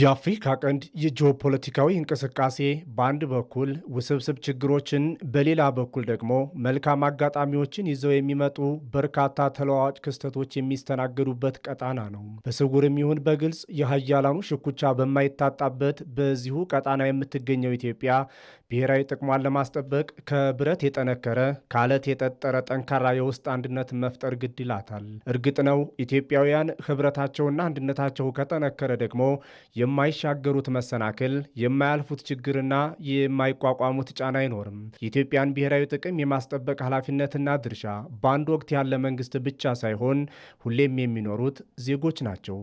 የአፍሪካ ቀንድ የጂኦፖለቲካዊ እንቅስቃሴ በአንድ በኩል ውስብስብ ችግሮችን በሌላ በኩል ደግሞ መልካም አጋጣሚዎችን ይዘው የሚመጡ በርካታ ተለዋዋጭ ክስተቶች የሚስተናገዱበት ቀጣና ነው። በስውርም ይሁን በግልጽ የሀያላኑ ሽኩቻ በማይታጣበት በዚሁ ቀጣና የምትገኘው ኢትዮጵያ ብሔራዊ ጥቅሟን ለማስጠበቅ ከብረት የጠነከረ ከአለት የጠጠረ ጠንካራ የውስጥ አንድነት መፍጠር ግድ ይላታል። እርግጥ ነው ኢትዮጵያውያን ህብረታቸውና አንድነታቸው ከጠነከረ ደግሞ የማይሻገሩት መሰናክል፣ የማያልፉት ችግርና የማይቋቋሙት ጫና አይኖርም። የኢትዮጵያን ብሔራዊ ጥቅም የማስጠበቅ ኃላፊነትና ድርሻ በአንድ ወቅት ያለ መንግስት ብቻ ሳይሆን ሁሌም የሚኖሩት ዜጎች ናቸው።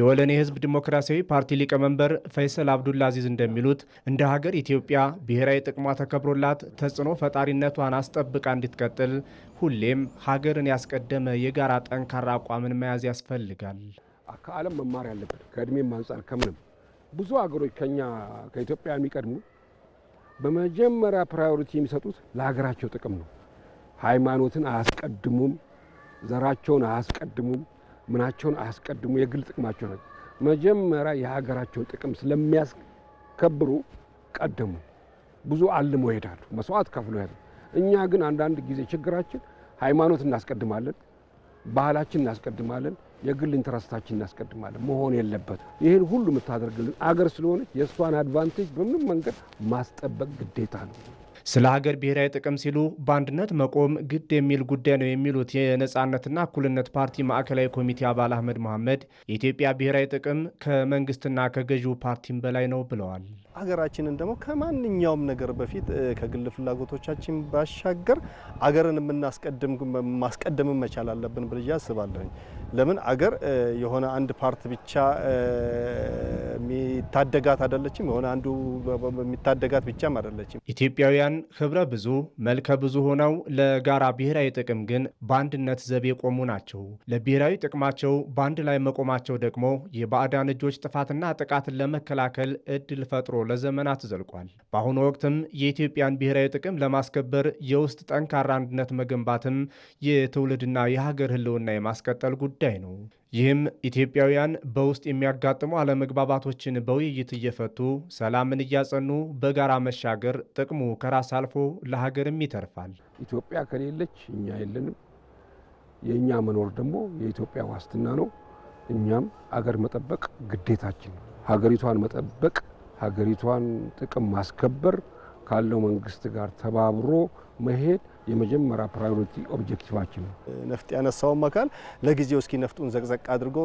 የወለኔ ህዝብ ዲሞክራሲያዊ ፓርቲ ሊቀመንበር ፈይሰል አብዱላ አዚዝ እንደሚሉት እንደ ሀገር ኢትዮጵያ ብሔራዊ ጥቅሟ ተከብሮላት ተጽዕኖ ፈጣሪነቷን አስጠብቃ እንድትቀጥል ሁሌም ሀገርን ያስቀደመ የጋራ ጠንካራ አቋምን መያዝ ያስፈልጋል። ከዓለም መማር ያለብን ከእድሜም አንጻር ከምንም ብዙ አገሮች ከኛ ከኢትዮጵያ የሚቀድሙ በመጀመሪያ ፕራዮሪቲ የሚሰጡት ለሀገራቸው ጥቅም ነው። ሃይማኖትን አያስቀድሙም፣ ዘራቸውን አያስቀድሙም፣ ምናቸውን አያስቀድሙ። የግል ጥቅማቸው ነው። መጀመሪያ የሀገራቸውን ጥቅም ስለሚያስከብሩ ቀደሙ። ብዙ አልሞ ይሄዳሉ፣ መስዋዕት ከፍሎ ይሄዳሉ። እኛ ግን አንዳንድ ጊዜ ችግራችን ሃይማኖት እናስቀድማለን ባህላችን እናስቀድማለን፣ የግል ኢንትረስታችን እናስቀድማለን። መሆን የለበት። ይህን ሁሉ የምታደርግልን አገር ስለሆነች የእሷን አድቫንቴጅ በምንም መንገድ ማስጠበቅ ግዴታ ነው። ስለ ሀገር ብሔራዊ ጥቅም ሲሉ በአንድነት መቆም ግድ የሚል ጉዳይ ነው የሚሉት የነፃነትና እኩልነት ፓርቲ ማዕከላዊ ኮሚቴ አባል አህመድ መሐመድ የኢትዮጵያ ብሔራዊ ጥቅም ከመንግስትና ከገዢው ፓርቲም በላይ ነው ብለዋል። አገራችንን ደግሞ ከማንኛውም ነገር በፊት ከግል ፍላጎቶቻችን ባሻገር አገርን የምናስቀድም ማስቀደም መቻል አለብን ብዬ አስባለሁኝ። ለምን አገር የሆነ አንድ ፓርት ብቻ የሚታደጋት አይደለችም፣ የሆነ አንዱ የሚታደጋት ብቻም አይደለችም። ኢትዮጵያውያን ህብረ ብዙ መልከ ብዙ ሆነው ለጋራ ብሔራዊ ጥቅም ግን በአንድነት ዘብ የቆሙ ናቸው። ለብሔራዊ ጥቅማቸው በአንድ ላይ መቆማቸው ደግሞ የባዕዳን እጆች ጥፋትና ጥቃትን ለመከላከል እድል ፈጥሮ ለዘመናት ዘልቋል። በአሁኑ ወቅትም የኢትዮጵያን ብሔራዊ ጥቅም ለማስከበር የውስጥ ጠንካራ አንድነት መገንባትም የትውልድና የሀገር ህልውና የማስቀጠል ጉዳይ ነው። ይህም ኢትዮጵያውያን በውስጥ የሚያጋጥሙ አለመግባባቶችን በውይይት እየፈቱ ሰላምን እያጸኑ በጋራ መሻገር ጥቅሙ ከራስ አልፎ ለሀገርም ይተርፋል። ኢትዮጵያ ከሌለች እኛ የለንም። የእኛ መኖር ደግሞ የኢትዮጵያ ዋስትና ነው። እኛም አገር መጠበቅ ግዴታችን ሀገሪቷን መጠበቅ ሀገሪቷን ጥቅም ማስከበር ካለው መንግስት ጋር ተባብሮ መሄድ የመጀመሪያ ፕራዮሪቲ ኦብጀክቲቫችን ነው። ነፍጥ ያነሳውም አካል ለጊዜው እስኪ ነፍጡን ዘቅዘቅ አድርጎ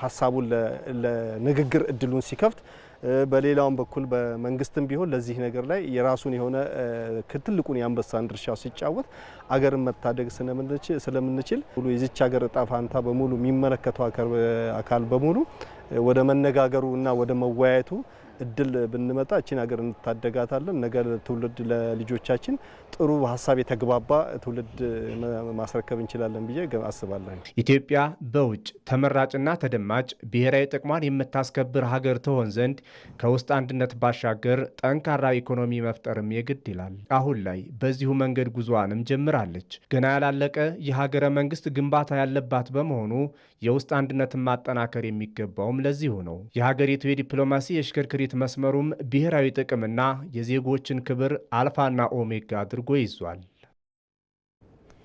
ሀሳቡን ለንግግር እድሉን ሲከፍት በሌላውም በኩል በመንግስትም ቢሆን ለዚህ ነገር ላይ የራሱን የሆነ ትልቁን የአንበሳን ድርሻ ሲጫወት አገርን መታደግ ስለምንችል ሙሉ የዚች ሀገር እጣ ፋንታ በሙሉ የሚመለከተው አካል በሙሉ ወደ መነጋገሩ እና ወደ መወያየቱ እድል ብንመጣ እቺን ሀገር እንታደጋታለን። ነገ ትውልድ ለልጆቻችን ጥሩ ሀሳብ የተግባባ ትውልድ ማስረከብ እንችላለን ብዬ አስባለሁ። ኢትዮጵያ በውጭ ተመራጭና ተደማጭ ብሔራዊ ጥቅሟን የምታስከብር ሀገር ትሆን ዘንድ ከውስጥ አንድነት ባሻገር ጠንካራ ኢኮኖሚ መፍጠርም የግድ ይላል። አሁን ላይ በዚሁ መንገድ ጉዞዋንም ጀምራለች። ገና ያላለቀ የሀገረ መንግስት ግንባታ ያለባት በመሆኑ የውስጥ አንድነትን ማጠናከር የሚገባውም ለዚሁ ነው። የሀገሪቱ የዲፕሎማሲ የሽክርክሪት የስኬት መስመሩም ብሔራዊ ጥቅምና የዜጎችን ክብር አልፋና ኦሜጋ አድርጎ ይዟል።